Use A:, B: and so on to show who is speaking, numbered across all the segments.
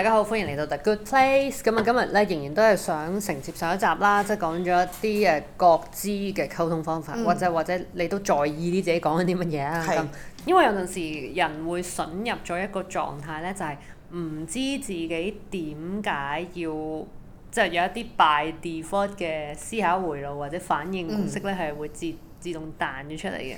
A: 大家好，歡迎嚟到 The Good Place。咁啊，今日咧仍然都係想承接上一集啦，即係講咗一啲誒覺知嘅溝通方法，嗯、或者或者你都在意啲自己講緊啲乜
B: 嘢啊咁是。
A: 因為有陣時人會滲入咗一個狀態咧，就係、是、唔知自己點解要，即、就、係、是、有一啲 by default 嘅
B: 思考回路或者反應模式咧，
A: 係、嗯、會自自動彈咗出嚟嘅。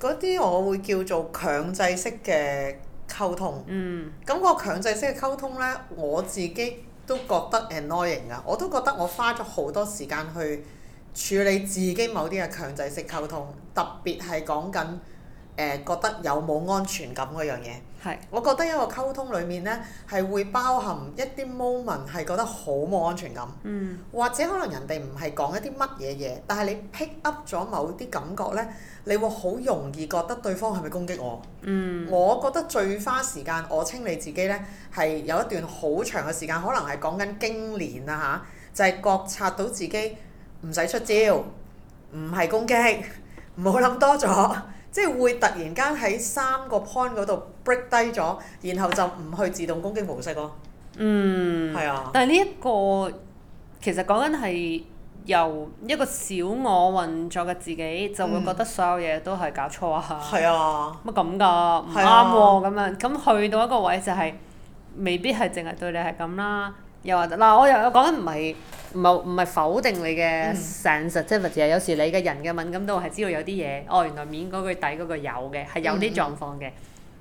B: 嗰啲我會叫做強制式嘅。溝通，咁、那個強制式嘅溝通咧，我自己都覺得 annoying 啊！我都覺得我花咗好多時間去處理自己某啲嘅強制式溝通，特別係講緊誒、呃、覺得有冇安全感嗰樣嘢。係，是我覺得一個溝通裡面咧係會包含一啲 moment 係覺得好冇安全感，嗯、或者可能人哋唔係講一啲乜嘢嘢，但係你 pick up 咗某啲感覺咧，你會好容易覺得對方係咪攻擊我？嗯，我覺得最花時間我清理自己咧係有一段好長嘅時間，可能係講緊經年啊吓，就係、是、覺察到自己唔使出招，唔係攻擊，唔好諗多咗。即係會突然間喺三個 point 嗰度 break 低咗，然後就唔去自動攻擊模式咯、啊。嗯。係啊。但
A: 係呢一個其實講緊係由一個小我運作嘅自己，就會覺得所有嘢都係搞錯啊！係啊。乜咁㗎？唔啱喎！咁樣咁去到一個位就係、係、未必係淨係對你係咁啦。又或者嗱，我又我講緊，唔係唔係唔係否定你嘅 sensitivity，即係或者係有時你嘅人嘅敏感度係知道有啲嘢，哦原來面嗰句底嗰個有嘅係有啲狀況嘅。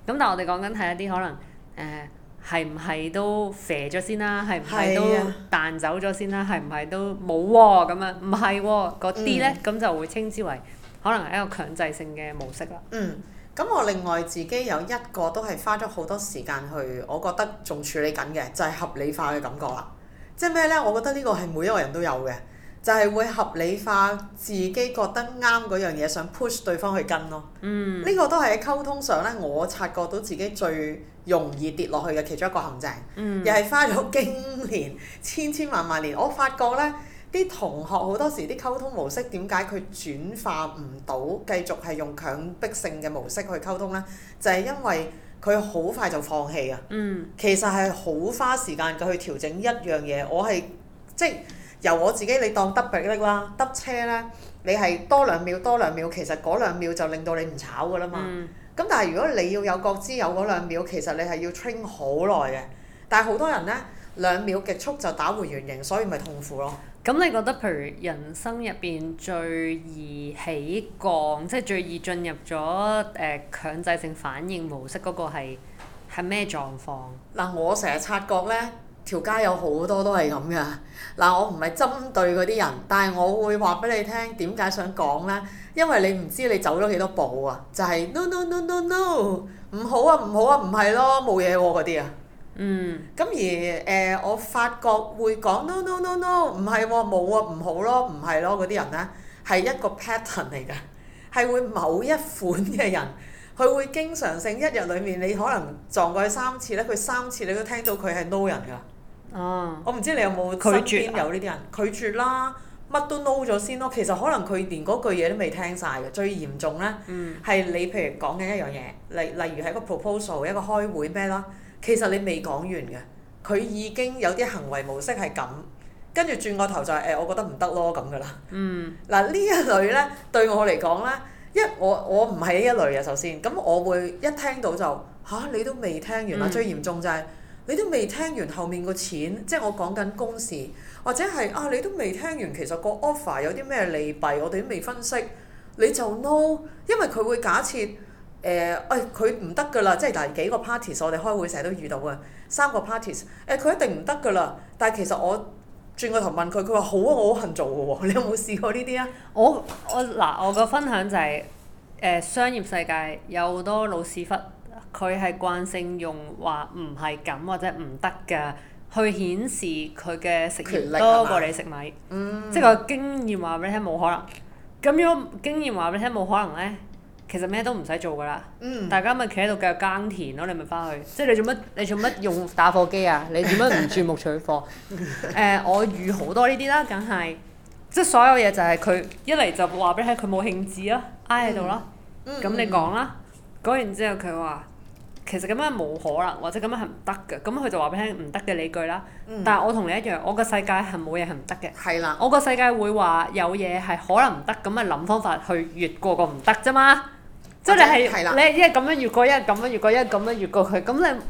A: 咁、mm. 但係我哋講緊係一啲可能誒係唔係都邪咗先啦、啊，係唔係都彈走咗先啦、啊，係唔係都冇喎咁樣？唔係喎，嗰啲咧，咁就會稱之為可能係一個強制性嘅模式啦。嗯。Mm.
B: 咁我另外自己有一個都係花咗好多時間去，我覺得仲處理緊嘅就係合理化嘅感覺啦。即係咩呢？我覺得呢個係每一個人都有嘅，就係會合理化自己覺得啱嗰樣嘢，想 push 對方去跟咯。嗯。呢個都係喺溝通上呢，我察覺到自己最容易跌落去嘅其中一個陷阱。嗯。又係花咗經年千千萬萬年，我發覺呢。啲同學好多時啲溝通模式，點解佢轉化唔到，繼續係用強迫性嘅模式去溝通呢？就係因為佢好快就放棄啊。嗯。其實係好花時間去調整一樣嘢。我係即係由我自己，你當得壁咧啦，得車呢，你係多兩秒，多兩秒，其實嗰兩秒就令到你唔炒㗎啦嘛。嗯。咁但係如果你要有覺知有嗰兩秒，其實你係要 train 好耐嘅。但係好多人呢，兩秒極速就打回原形，所以咪痛苦咯。
A: 咁你覺得，譬如人生入邊最易起降，即係最易進入咗誒強制性反應模式嗰個係咩狀況？嗱，我成日察
B: 覺呢，條街有好多都係咁噶。嗱，我唔係針對嗰啲人，但係我會話俾你聽點解想講呢，因為你唔知你走咗幾多步啊？就係 no no no no no，唔好啊，唔好啊唔係咯，冇嘢喎，嗰啲啊！嗯，咁而誒、呃，我發覺會講 no no no no，唔係喎，冇啊、哦，唔好咯，唔係咯，嗰啲、哦、人咧係一個 pattern 嚟㗎，係 會某一款嘅人，佢會經常性一日裡面你可能撞過去三次咧，佢三次你都聽到佢係 no 人㗎。哦。我唔知你有冇拒身邊有呢啲人拒絕、啊、拒絕啦，乜都 no 咗先咯。其實可能佢連嗰句嘢都未聽晒嘅。最嚴重咧，嗯，係你譬如講緊一樣嘢，例例如係一個 proposal，一個開會咩咯？其實你未講完嘅，佢已經有啲行為模式係咁，跟住轉個頭就係、是、誒、哎，我覺得唔得咯咁噶啦。嗯。嗱呢一類咧，對我嚟講咧，因為我我唔係呢一類嘅首先，咁我會一聽到就吓、啊，你都未聽完啦、啊。嗯、最嚴重就係你都未聽完後面個錢，嗯、即係我講緊工時，或者係啊，你都未聽完其實個 offer 有啲咩利弊，我哋都未分析，你就 no，因為佢會假設。誒，哎、欸，佢唔得噶啦，即係嗱幾個 parties，我哋開會成日都遇到啊，三個 parties，誒、欸、佢一定唔得噶啦。但係其實我轉個頭問佢，佢話好啊，我好肯做嘅喎。你有冇試過呢啲啊？ 我
A: 我嗱，我個分享就係、是、誒、呃、商業世界有好多老屎忽，佢係慣性用話唔係咁或者唔得嘅，去顯示佢嘅食鹽多過你食米，嗯、即係個經驗話俾你聽冇可能。咁樣經驗話俾你聽冇可能咧？其實咩都唔使做㗎啦，嗯、大家咪企喺度繼續耕田咯、啊。你咪翻去，即係你做乜？你做乜用打火機啊？你點樣唔轉目取貨？誒、 呃，我預好多呢啲啦，梗係，即係所有嘢就係佢一嚟就話俾你聽，佢冇興致咯，挨喺度咯。咁你講啦，講完之後佢話其實咁樣冇可能，或者咁樣係唔得嘅。咁佢就話俾你聽唔得嘅理據啦。嗯、但係我同你一樣，我個世界係冇嘢係唔得嘅。係啦的。我個世界會話有嘢係可能唔得，咁咪諗方法去越過個唔得啫嘛。
B: 即係你係，
A: 你一係咁樣越過，一係咁樣越過，一係咁樣越過佢，咁你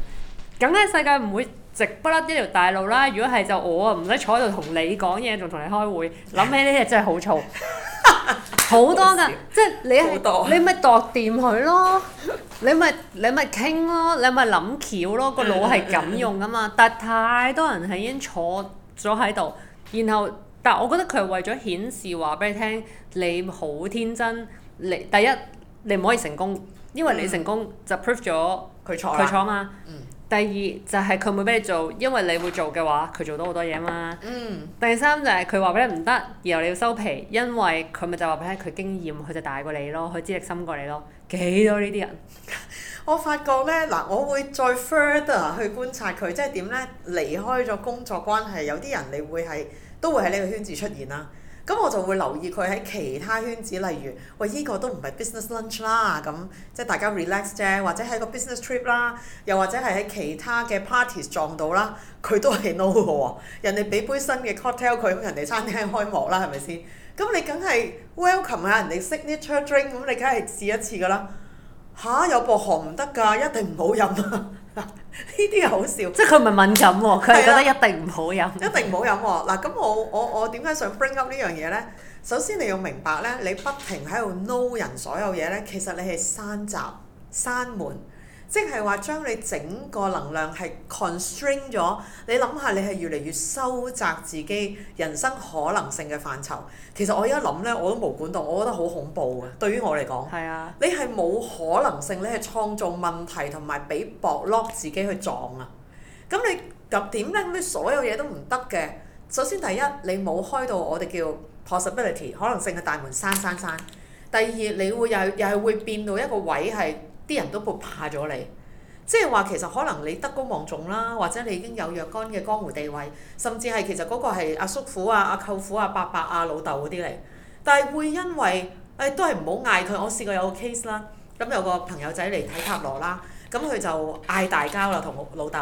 A: 梗係世界唔會直不甩呢條大路啦。如果係就我啊，唔使坐喺度同你講嘢，仲同你開會。諗起呢啲真係 的好嘈， 好多㗎，即係你喺度，你咪度掂佢咯，你咪你咪傾咯，你咪諗橋咯，個腦係咁用㗎嘛。 但係太多人係已經坐咗喺度，然後但係我覺得佢係為咗顯示話俾你聽，你好天真，你第一。 第一你唔可以成功，因為你成功就 prove 咗佢錯佢錯啊嘛。嗯嗯、第二就係佢唔會俾你做，因為你會做嘅話，佢做到好多嘢啊嘛。嗯。第三就係佢話俾你唔得，然後你要收皮，因為佢咪就話俾你佢經驗，佢就大過你咯，佢資歷深過你咯。幾多呢啲
B: 人？ 我發覺咧，嗱，我會再 further 去觀察佢，即係點咧？離開咗工作關係，有啲人你會係都會喺呢個圈子出現啦。嗯咁我就會留意佢喺其他圈子，例如喂，呢個都唔係 business lunch 啦，咁即係大家 relax 啫，或者喺個 business trip 啦，又或者係喺其他嘅 parties 撞到啦，佢都係 no 嘅喎。人哋俾杯新嘅 cocktail，佢喺人哋餐廳開幕啦，係咪先？咁你梗係 welcome 下人哋識呢 signature drink，咁你梗係試一次嘅啦。嚇，有薄荷唔得㗎，一定唔好飲啊！呢啲又好笑， 即係佢唔係敏感喎、啊，佢係覺得一定唔好飲，一定唔好飲喎、啊。嗱， 咁我我我點解想 bring up 呢樣嘢咧？首先你要明白咧，你不停喺度 no 人所有嘢咧，其實你係閂閘閂門。即係話將你整個能量係 constrain 咗，你諗下你係越嚟越收窄自己人生可能性嘅範疇。其實我而家諗呢，我都冇管到，我覺得好恐怖嘅。對於我嚟講，嗯啊、你係冇可能性，你係創造問題同埋俾搏落自己去撞啊！咁你入點呢？咁你所有嘢都唔得嘅。首先第一，你冇開到我哋叫 possibility 可能性嘅大門，閂閂閂。第二，你會又又係會變到一個位係。啲人都怕咗你，即係話其實可能你德高望重啦，或者你已經有若干嘅江湖地位，甚至係其實嗰個係阿叔父啊、阿、啊、舅父啊、伯伯啊、老豆嗰啲嚟。但係會因為誒、哎、都係唔好嗌佢，我試過有個 case 啦，咁有個朋友仔嚟睇塔羅啦，咁佢就嗌大交啦，同老豆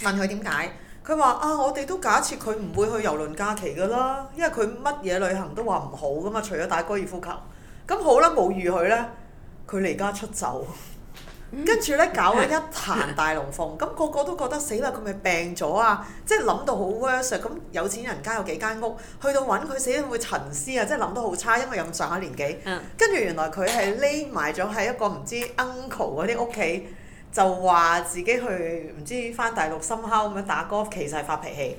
B: 問佢點解，佢話啊我哋都假設佢唔會去遊輪假期㗎啦，因為佢乜嘢旅行都話唔好噶嘛，除咗打高爾夫球，咁好啦，冇預佢啦。佢離家出走 呢，跟住咧搞咗一壇大龍鳳，咁個個都覺得死啦！佢咪病咗啊！即係諗到好 worse 啊！咁有錢人家有幾間屋，去到揾佢死都會沉思啊！即係諗到好差，因為又咁上下年紀。跟住、嗯、原來佢係匿埋咗喺一個唔知 uncle 嗰啲屋企，就話自己去唔知翻大陸深烤咁樣打 golf，其實係發脾氣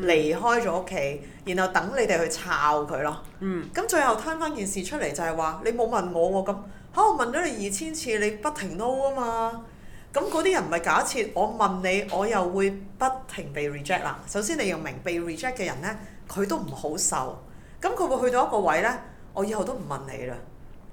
B: 離開咗屋企，然後等你哋去抄佢咯。嗯。咁最後攤翻件事出嚟就係、是、話你冇問我喎咁。嚇！我、哦、問咗你二千次，你不停 no 啊嘛。咁嗰啲人唔係假設，我問你，我又會不停被 reject 啦。首先你要明，被 reject 嘅人咧，佢都唔好受。咁佢會去到一個位咧，我以後都唔問你啦，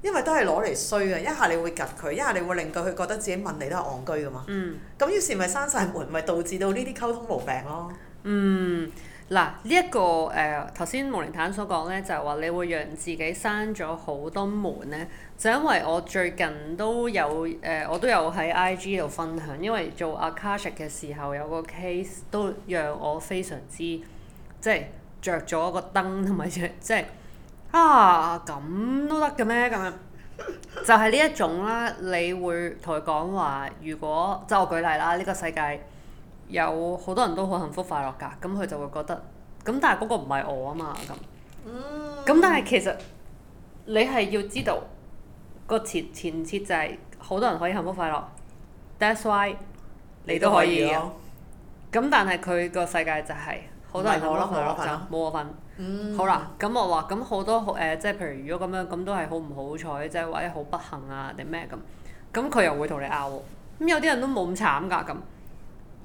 B: 因為都係攞嚟衰嘅。一下你會及佢，一下你會令到佢覺得自己問你都係戇居㗎嘛。嗯。咁於是咪閂晒門，咪導致到呢啲溝通毛病咯。嗯。
A: Mm. 嗱，呢一、這個誒，頭先無釐坦所講咧，就係、是、話你會讓自己閂咗好多門咧，就因為我最近都有誒、呃，我都有喺 IG 度分享，因為做 accountant 嘅時候有個 case 都讓我非常之即係着咗個燈同埋即係啊咁都得嘅咩咁樣？就係呢一種啦，你會同佢講話，如果即係我舉例啦，呢、這個世界。有好多人都好幸福快樂㗎，咁佢就會覺得，咁但係嗰個唔係我啊嘛，咁，咁、mm. 但係其實你係要知道個前前設就係好多人可以幸福快樂、mm.，that's why 你都可以嘅，咁、啊、但係佢個世界就係、是、好多人幸福快樂冇我份，好啦，咁我話咁好多誒，即、呃、係譬如如果咁樣，咁都係好唔好彩，即係或者好不幸啊定咩咁，咁佢又會同你拗，咁有啲人都冇咁慘㗎咁。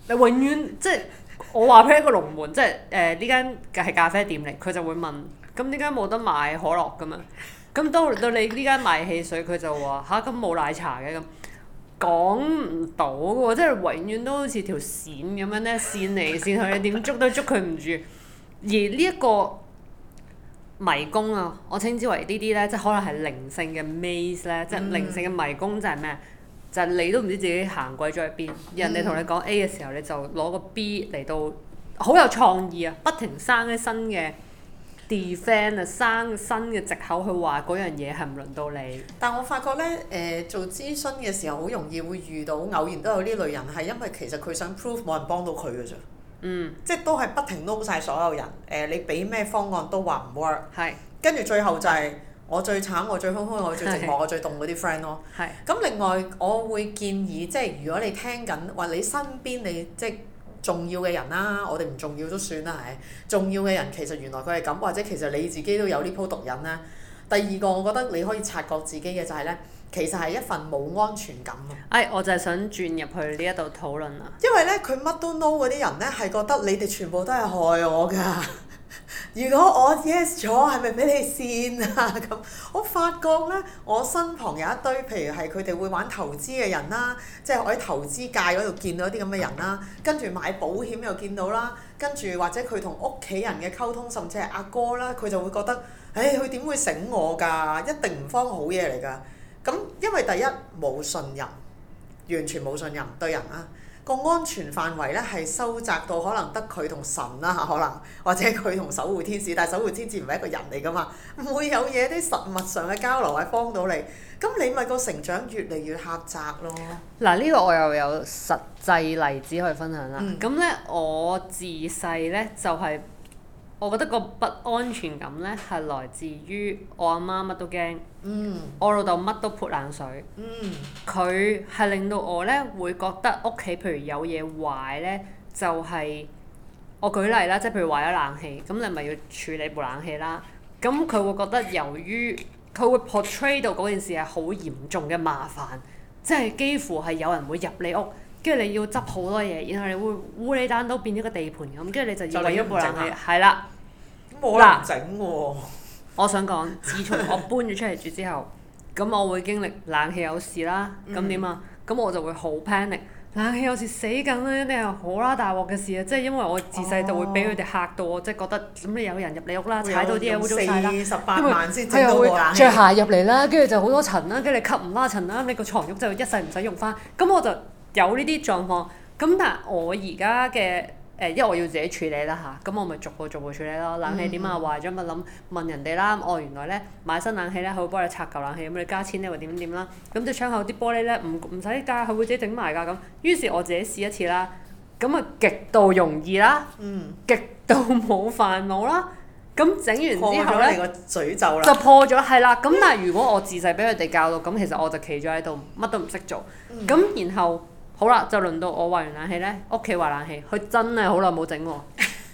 A: 你永遠即係我話佢一個龍門，即係誒呢間係咖啡店嚟，佢就會問：咁點解冇得買可樂嘅嘛？咁到到你呢間賣汽水，佢就話吓，咁、啊、冇奶茶嘅咁，講唔到嘅喎！即係永遠都好似條線咁樣咧，線嚟線去，點 捉都捉佢唔住。而呢一個迷宮啊，我稱之為呢啲咧，即係可能係靈性嘅 maze 咧，嗯、即係靈性嘅迷宮就，就係咩？就係你都唔知自己行鬼咗去邊，人哋同你講 A 嘅時候，你就攞個 B 嚟到，好有創意啊！不停生一新嘅 defend 啊，
B: 生新嘅藉口去話嗰樣嘢係唔輪到你。但我發覺呢，誒、呃、做諮詢嘅時候好容易會遇到偶然都有呢類人，係因為其實佢想 prove 冇人幫到佢嘅啫。嗯。即係都係不停 no 晒所有人，誒你俾咩方案都話唔 work。係是。跟住最後就係、是。我最慘，我最空虛，我最寂寞，是我最凍嗰啲 friend 咯。咁是另外，我會建議，即係如果你聽緊話，你身邊你即係重要嘅人啦，我哋唔重要都算啦，係重要嘅人其實原來佢係咁，或者其實你自己都有呢鋪毒癮啦。第二個我覺得你可以察覺自己嘅就係、是、呢，其實係一份冇安全感啊。
A: 誒、哎，我就係想轉入去呢一度討論啦。
B: 因為呢，佢乜都 know 嗰啲人呢，係覺得你哋全部都係害我㗎。 如果我 yes 咗，係咪俾你先啊？咁我發覺咧，我身旁有一堆，譬如係佢哋會玩投資嘅人啦，即係我喺投資界嗰度見到啲咁嘅人啦，跟住買保險又見到啦，跟住或者佢同屋企人嘅溝通，甚至係阿哥啦，佢就會覺得，誒，佢點會醒我㗎？一定唔慌好嘢嚟㗎。咁因為第一，冇信任，完全冇信任對人啊。個安全範圍咧係收窄到可能得佢同神啦，可能或者佢同守護天使，但係守護天使唔係一個人嚟噶嘛，唔會有嘢啲實物上嘅交流係幫到你。咁你咪個成長越嚟越狹窄咯。
A: 嗱呢、呢個我又有實際例子可以分享啦。咁咧、嗯、我自細咧就係、係、我覺得個不安全感咧係來自於我阿媽乜都驚。嗯，mm. 我老豆乜都潑冷水。嗯，佢係令到我咧會覺得屋企譬如有嘢壞咧，就係、是、我舉例啦，即係譬如壞咗冷氣，咁你咪要處理部冷氣啦。咁佢會覺得由於佢會 portray 到嗰件事係好嚴重嘅麻煩，即係幾乎係有人會入你屋，跟住你要執好多嘢，然後你會烏裏單都變咗個地盤咁，跟住你就要為咗部冷氣。係啦，
B: 咁我唔整喎。
A: 我想講，自從我搬咗出嚟住之後，咁 我會經歷冷氣有事啦，咁點啊？咁、mm hmm. 我就會好 panic，冷氣有事死梗啦，你係好啦大鑊嘅事啊！即係因為我自細就會俾佢哋嚇到我，我、oh. 即係覺得咁你有人入你屋啦，踩到啲嘢污糟曬啦，十八萬因為即係會着鞋入嚟啦，跟住就好多塵啦，跟住你吸唔拉塵啦，你、個床褥就一世唔使用翻。咁我就有呢啲狀況。咁但係我而家嘅。誒，因為我要自己處理啦嚇，咁我咪逐步逐步處理咯。冷氣點啊？壞咗咪諗問人哋啦，咁、哦、我原來咧買新冷氣咧，佢會幫你拆舊冷氣，咁你加錢咧會點點啦。咁啲窗口啲玻璃咧，唔唔使加，佢會自己整埋㗎咁。於是我自己試一次啦，咁啊極度容易啦，mm hmm. 極度冇煩惱啦。咁整完之後咧，破
B: 你嘴就，就
A: 破咗，係啦。咁但係如果我自細俾佢哋教到，咁其實我就企咗喺度，乜都唔識做。咁、mm hmm. 然後。好啦，就輪到我壞完冷氣咧，屋企壞冷氣，佢真係好耐冇整喎，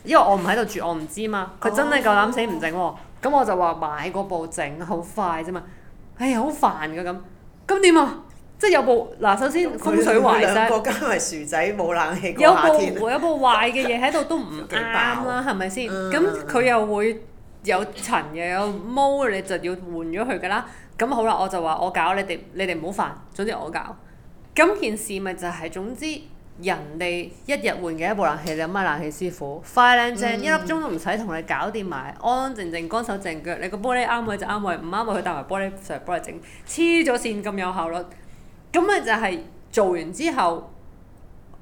A: 因為我唔喺度住，我唔知嘛。佢真係夠膽死唔整喎，咁、哦嗯、我就話買嗰部整，好快啫嘛。哎呀，好煩㗎咁，咁點啊？即係有部嗱，首先風水壞晒，信兩個加
B: 埋薯仔冇冷氣 有，有部
A: 有部壞嘅嘢喺度都唔啱啦，係咪先？咁佢又會有塵又有毛，你就要換咗佢㗎啦。咁好啦，我就話我搞，你哋你哋唔好煩，總之我搞。咁件事咪就係、是、總之人哋一日換嘅一部冷氣， 你問下冷氣師傅，快靚 正一粒鐘都唔使同你搞掂埋， 安安靜靜乾手淨腳，你個玻璃啱位就啱位，唔啱位佢帶埋玻璃上嚟幫你整，黐咗線咁有效率，咁咪就係、是、做完之後。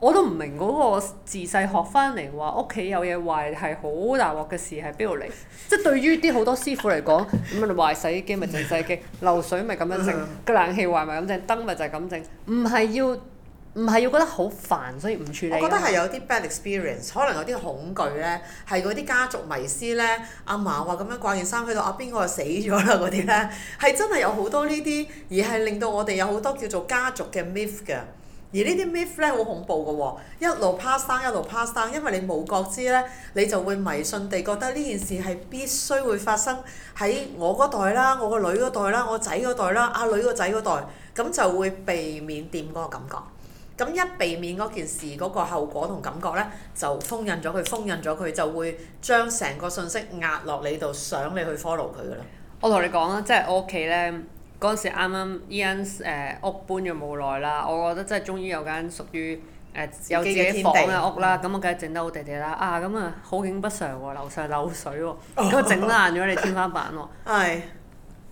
A: 我都唔明嗰個自細學翻嚟話屋企有嘢壞係好大鑊嘅事係邊度嚟？ 即係對於啲好多師傅嚟講，咁樣你壞洗衣機咪整洗衣機，漏水咪咁樣整，個 冷氣壞咪咁整，燈咪就係咁整，唔係要唔係要覺得好煩所以唔處理。我覺得係有啲
B: bad experience，可能有啲恐懼咧，係嗰啲家族迷思咧。阿嫲話咁樣掛件衫去到啊邊個死咗啦嗰啲咧，係真係有好多呢啲，而係令到我哋有好多叫做家族嘅 myth 嘅。而呢啲 myth 咧，好恐怖嘅喎、哦，一路 pass 生，一路 pass 生，因為你冇覺知咧，你就會迷信地覺得呢件事係必須會發生喺我嗰代啦、我個女嗰代啦、我仔嗰代啦、阿女個仔嗰代，咁就會避免掂嗰個感覺。咁一避免嗰件事嗰個後果同感覺咧，就封印咗佢，封印咗佢就會將成個信息壓落你度，想你去 follow 佢㗎啦。
A: 我同你講啦，即係我屋企咧。嗰陣時啱啱依間誒屋搬咗冇耐啦，我覺得真係終於有間屬於誒有、呃、自己房嘅屋啦。咁、嗯嗯、我梗係整得好地地啦。啊，咁啊好景不常喎、啊，樓上漏水喎、啊，咁啊整爛咗你天花板喎、啊。係。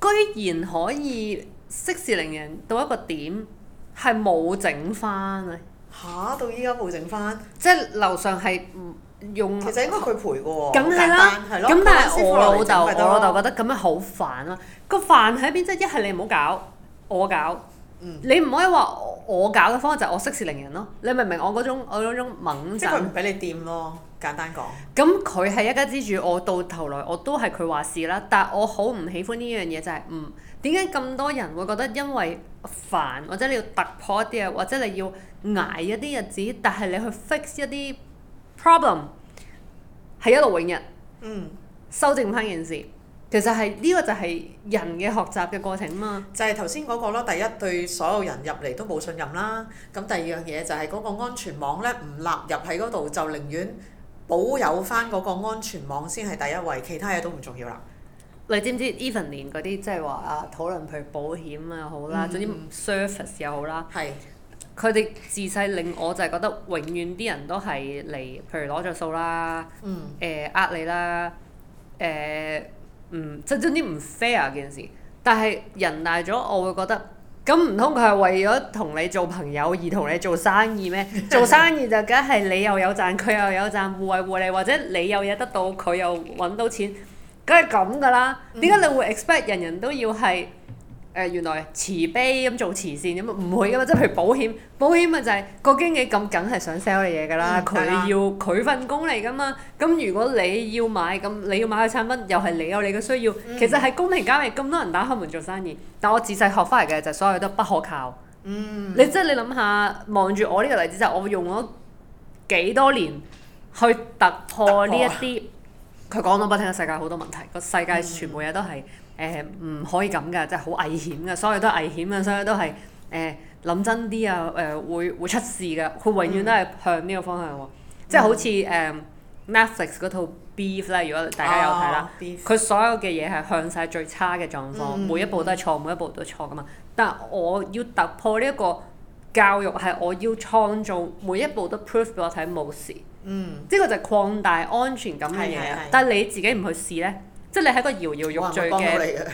A: 居然可以息事寧人到一個點，係冇整翻啊！嚇！到依家冇整翻。即係樓上係唔～用其實應該佢賠嘅喎，咁、啊、簡單，咁、啊、但係我老豆，我老豆覺得咁樣好煩咯、啊。個煩喺邊啫？一係你唔好搞，嗯、我搞，你唔可以話我搞嘅方法就係我息事寧人咯、啊。你明唔明我嗰種我嗰種猛？即唔俾你掂咯，簡單講。咁佢係一家之主，我到頭來我都係佢話事啦。但我好唔喜歡呢樣嘢就係、是，唔、嗯，點解咁多人會覺得因為煩或者你要突破一啲嘢，或者你要捱一啲日子，但係你去 fix 一啲 Problem 係一路永逸，嗯、修正翻件事，其實係
B: 呢個就係人嘅學習嘅過程啊嘛。就係頭先嗰個咯，第一對所有人入嚟都冇信任啦。咁第二樣嘢就係嗰個安全網呢，唔納入喺嗰度，就寧願保有翻嗰個安全網先係第一位，其他嘢都唔重要啦。你
A: 知唔知 Even 連嗰啲即係話啊，討論譬如保險啊又好啦，總之唔 service 又好啦。係。佢哋自細令我就係覺得永遠啲人都係嚟，譬如攞着數啦，誒、嗯、呃你啦，誒、呃，嗯，即係總之唔 fair 件事。但係人大咗，我會覺得咁唔通佢係為咗同你做朋友而同你做生意咩？ 做生意就梗係你又有賺，佢又有賺，互惠互利，或者你有嘢得到，佢又揾到錢，梗係咁噶啦。點解、嗯、你會 expect 人人都要係？誒、呃、原來慈悲咁做慈善咁啊，唔會噶嘛！即係譬如保險，保險咪就係個經紀咁梗係想 sell 你嘢噶啦，佢、嗯、要佢份工嚟噶嘛。咁、嗯、如果你要買，咁你要買個產品，又係你有你嘅需要。嗯、其實係公平交易，咁多人打開門做生意。但我自細學翻嚟嘅就所有嘢都不可靠。嗯。你即係你諗下，望住我呢個例子就係我用咗幾多年去突破呢一啲。佢講到不聽嘅世界好多問題，個世界全部嘢都係、嗯。誒唔可以咁噶，即係好危險噶，所有都危險啊，所有都係誒諗真啲啊，誒會會出事噶，佢永遠都係向呢個方向喎，即係好似誒 Netflix 嗰套 Beef 咧，如果大家有睇啦，佢所有嘅嘢係向晒最差嘅狀況，每一步都係錯，每一步都係錯噶嘛。但係我要突破呢一個教育，係我要創造每一步都 proof 俾我睇冇事，嗯，即個就係擴大安全感嘅嘢。但係你自己唔去試咧？即係你喺個搖搖欲墜嘅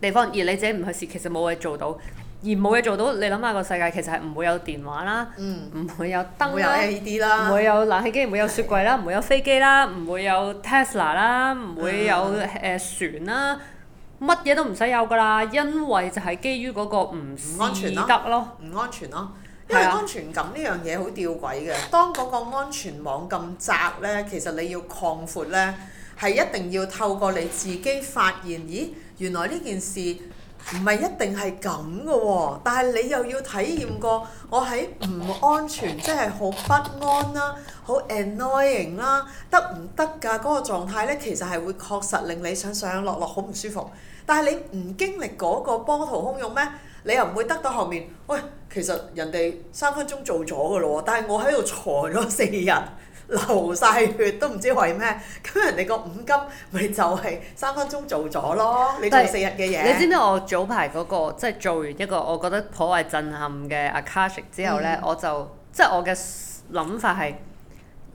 A: 地方，你而你自己唔去試，其實冇嘢做到。而冇嘢做到，你諗下個世界其實係唔會有電話啦，唔、嗯、會有燈啦，唔會，會有冷氣機，唔 會有雪櫃啦，唔 會有飛機啦，唔會有 Tesla 啦，唔會有誒船啦，乜嘢、嗯、都唔使有㗎啦，因為就係基於嗰個唔易得
B: 咯，唔安全咯、啊啊。因為安全感呢樣嘢好吊詭嘅，的 當嗰個安全網咁窄呢，其實你要擴闊呢。係一定要透過你自己發現，咦，原來呢件事唔係一定係咁嘅喎，但係你又要體驗過我喺唔安全，即係好不安啦、啊，好 annoying 啦、啊，得唔得㗎？嗰、那個狀態呢，其實係會確實令你上上落落好唔舒服。但係你唔經歷嗰個波濤洶湧咩？你又唔會得到後面，喂，其實人哋三分鐘做咗嘅咯喎，但係我喺度坐咗四日。流晒血都唔知為咩，咁人哋個五金咪就係三分鐘做咗咯。你做四日嘅嘢。你知唔
A: 知我早排嗰、那個即係、就是、做完一個，我覺得頗為震撼嘅 account 之後呢，嗯、我就即係、就是、我嘅諗法係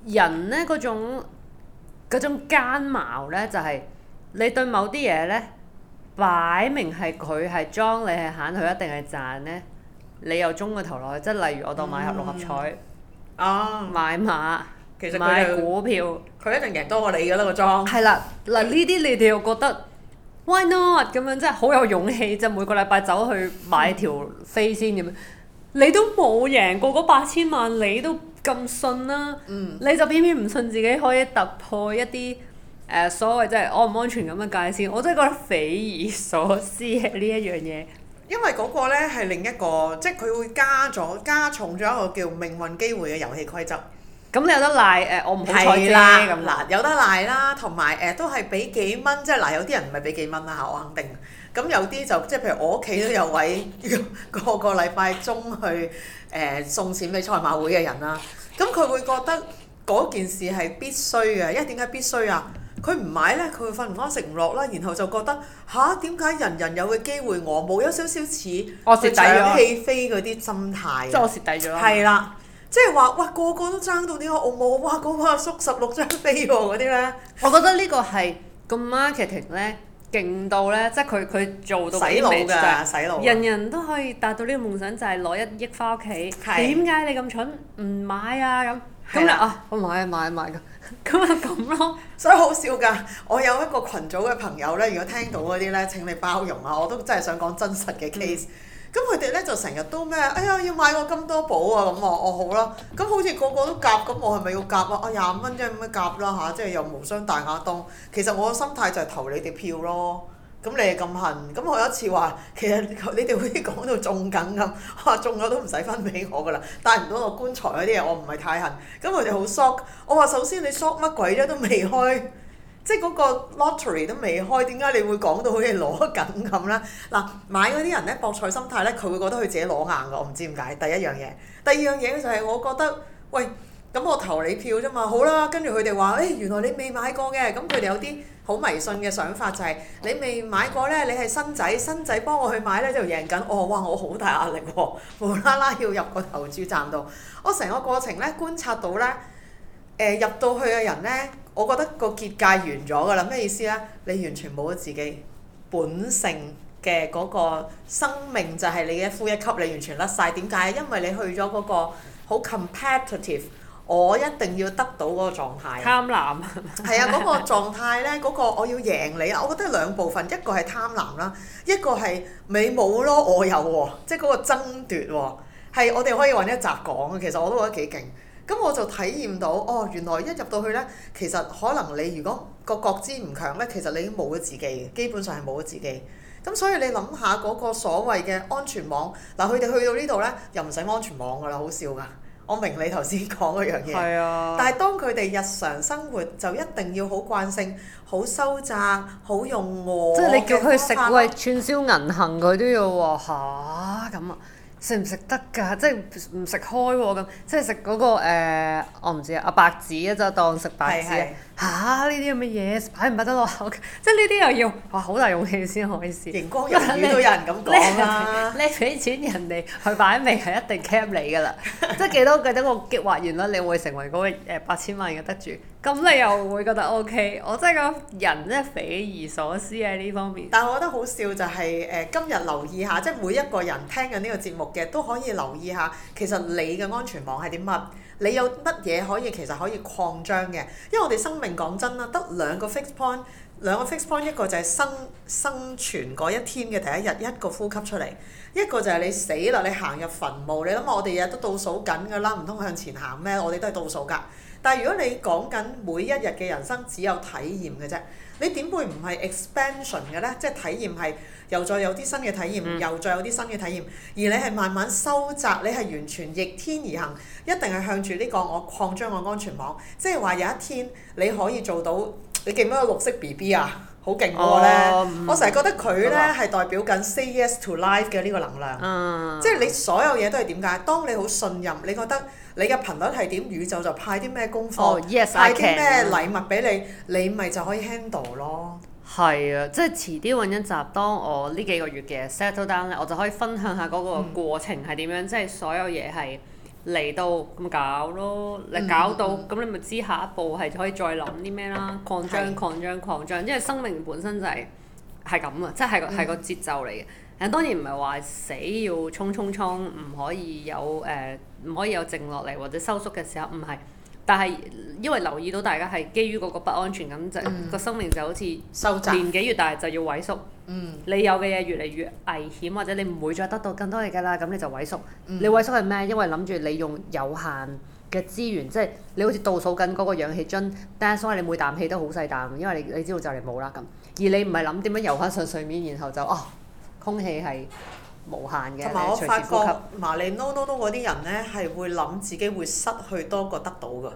A: 人呢嗰種嗰種奸謀咧，就係、是、你對某啲嘢呢，擺明係佢係莊你係閒，佢一定係賺呢。你又中個頭落去，即係例如我當買盒六合彩，嗯、啊，買馬。其實買股票，佢一定贏多過你噶啦，那個莊。係啦， 嗱呢啲你哋又覺得 why not 咁樣，即係好有勇氣，即係每個禮拜走去買條飛先咁，嗯、樣。你都冇贏過嗰八千萬，你都咁信啦。嗯，你就偏偏唔信自己可以突破一啲誒、呃、所謂即係安唔安全咁嘅界線。我真係覺得匪
B: 夷所思嘅呢一樣嘢。因為嗰個咧係另一個，即係佢會加咗加重咗一個叫命運機會嘅遊戲規則。咁你有得賴誒？我唔好彩啦，有得賴啦，同埋誒都係俾幾蚊，即係嗱，有啲人唔係俾幾蚊啦嚇，我肯定。咁有啲就即係譬如我屋企都有位，個個禮拜中去誒送錢俾賽馬會嘅人啦。咁佢會覺得嗰件事係必須嘅，因為點解必須啊？佢唔買咧，佢會瞓唔安食唔落啦，然後就覺得嚇，點解人人有嘅機會，我冇，一少少似上氣飛嗰啲心態。即係我蝕底咗。係啦。即係話，哇！個個都爭到點啊！我冇哇，嗰個阿叔
A: 十六張飛喎，嗰啲咧。我覺得呢個係個 Marketing 咧，勁到咧，即係佢佢做到嗰啲 image 啊！洗腦，人人都可以達到呢個夢想，就係攞一億翻屋企。點解你咁蠢唔買啊？咁咁啊！我買啊買啊買咁。
B: 咁啊咁咯，所以好笑㗎！我有一個群組嘅朋友咧，如果聽到嗰啲咧，請你包容啊！我都真係想講真實嘅 case。咁佢哋咧就成日都咩？哎呀，要買個金多寶啊！咁啊，我好啦，咁好似個個都夾咁，我係咪要夾啊？啊廿五蚊啫，咁樣夾啦、啊、吓、啊，即係又無傷大雅當。其實我嘅心態就係投你哋票咯。咁你哋咁恨，咁我有一次話，其實你哋好似講到中緊咁，我話中咗都唔使分俾我噶啦，帶唔到個棺材嗰啲嘢，我唔係太恨。咁佢哋好 shock，我話首先你 shock 乜鬼啫？都未開。即係嗰個 lottery 都未開，點解你會講到好似攞緊咁啦？嗱，買嗰啲人咧，博彩心態咧，佢會覺得佢自己攞硬㗎。我唔知點解。第一樣嘢，第二樣嘢就係我覺得，喂，咁我投你票啫嘛，好啦，跟住佢哋話，誒，原來你未買過嘅，咁佢哋有啲好迷信嘅想法，就係你未買過咧，你係新仔，新仔幫我去買咧，就贏緊。哦，哇，我好大壓力喎，無啦啦要入個投注站度。我成個過程咧，觀察到咧，誒入到去嘅人咧。我覺得個結界完咗㗎啦，咩意思咧？你完全冇咗自己本性嘅嗰個生命就係你嘅呼一吸，你完全甩晒，點解？因為你去咗嗰個好 competitive，我一定要得到嗰個狀態。貪婪係 啊，嗰、那個狀態咧，嗰、那個我要贏你啊！我覺得兩部分，一個係貪婪啦，一個係你冇咯，我有喎、哦，即係嗰個爭奪喎、哦，係我哋可以揾一集講。其實我都覺得幾勁。咁我就體驗到，哦，原來一入到去呢，其實可能你如果個覺知唔強呢，其實你已經冇咗自己，基本上係冇咗自己。咁所以你諗下嗰個所謂嘅安全網，嗱、呃，佢哋去到呢度呢，又唔使安全網㗎啦，好笑㗎。我明你頭先講嗰樣嘢，啊、但係當佢哋日常生活就一定要好慣性、好收窄、好用餓嘅方法。即係你叫佢食餵
A: 串燒銀杏，佢都要喎嚇咁啊！食唔食得㗎？即係唔食開喎、啊、咁，即係食嗰個誒、呃，我唔知啊，阿白子就當食白子。嚇！呢啲咁嘅嘢擺唔擺得落？即係呢啲又要哇好、啊、大勇氣先可以試。熒光人魚都有人咁講、啊、 你俾 錢人哋去擺明係一定 cap 你㗎啦！ 即係幾多幾多個激活完啦，你會成為嗰個八千萬嘅得主，
B: 咁你又會覺得 OK？ 我真係個人真係匪夷所思喺呢方面。但係我覺得好笑就係、是、誒、呃，今日留意下，即係每一個人聽緊呢個節目嘅都可以留意下，其實你嘅安全網係點乜？你有乜嘢可以其實可以擴張嘅？因為我哋生命講真啦，得兩個 fix point，兩個 fix point，一個就係生生存嗰一天嘅第一日，一個呼吸出嚟，一個就係你死啦，你行入墳墓。你諗下，我哋日日都倒數緊㗎啦，唔通向前行咩？我哋都係倒數㗎。但係如果你講緊每一日嘅人生，只有體驗嘅啫，你點會唔係 expansion 嘅咧？即係體驗係。又再有啲新嘅體驗，嗯、又再有啲新嘅體驗。而你係慢慢收窄，你係完全逆天而行，一定係向住呢個我擴張我安全網。即係話有一天你可以做到，你記唔記得個綠色 B B 啊？好勁喎咧！我成呢日、嗯、覺得佢咧係代表緊 Say Yes to Life 嘅呢個能量。嗯、即係你所有嘢都係點解？當你好信任，你覺得你嘅頻率係點，宇宙就派啲咩功課，哦、yes, 派啲咩禮物俾你，嗯嗯、你咪就可以 handle 咯。
A: 係啊，即係遲啲揾一集，當我呢幾個月嘅 settle down 咧，我就可以分享下嗰個過程係點樣，嗯、即係所有嘢係嚟到咁搞咯，你、嗯、搞到咁你咪知下一步係可以再諗啲咩啦，擴張擴張擴張，因為的生命本身就係係咁啊，即係係個節奏嚟嘅。但、嗯、當然唔係話死要衝衝衝，唔可以有誒，唔、呃、可以有靜落嚟或者收縮嘅時候，唔係。但係，因為留意到大家係基於嗰個不安全感，就個、嗯、生命就好似受年紀越大就要萎縮。嗯。你有嘅嘢越嚟越危險，或者你唔會再得到更多嘢㗎啦，咁你就萎縮。嗯、你萎縮係咩？因為諗住你用有限嘅資源，即係你好似倒數緊嗰個氧氣樽，但一，所以你每啖氣都好細啖，因為你你知道就嚟冇啦咁。而你唔係諗點樣遊翻上水面，然後就哦，空氣係無限嘅，同埋我發覺
B: 麻利 no no no 嗰啲人咧，係會諗自己會失去多過得到嘅。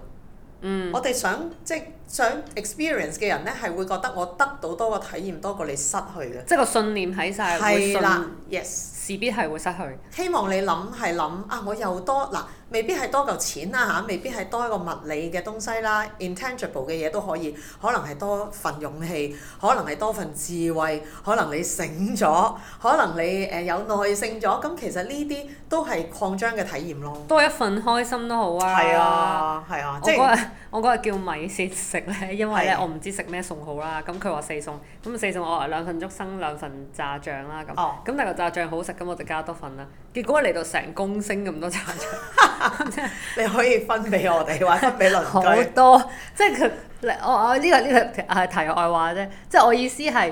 B: 嗯。我哋想即係想 experience 嘅人咧，係會覺得我得到多個體驗多過你失去嘅。
A: 即係個信念喺曬，了會啦信。
B: Yes。事必係會失去。希望你諗係諗啊！我有多嗱。未必係多嚿錢啦、啊、嚇，未必係多一個物理嘅東西啦、啊、，intangible 嘅嘢都可以，可能係多份勇氣，可能係多份智慧，可能你醒咗，可能你誒、呃、有耐性咗，咁其實呢啲都係擴張嘅體驗咯。
A: 多一份開心都好啊。係啊，係啊。我
B: 嗰日、啊、我嗰日、啊、 叫米
A: 線食咧，因為咧、啊、我唔知食咩餸好啦，咁佢話四餸，咁四餸我話兩份粥生兩份炸醬啦咁，咁、oh. 但係個炸醬好食，咁我就加多份啦、啊。結果嚟到成公升
B: 咁多炸醬。 你可以分俾我哋， 或者俾鄰居 好
A: 多，即係佢，我我呢個呢、呢個係題外話啫。即係我意思係。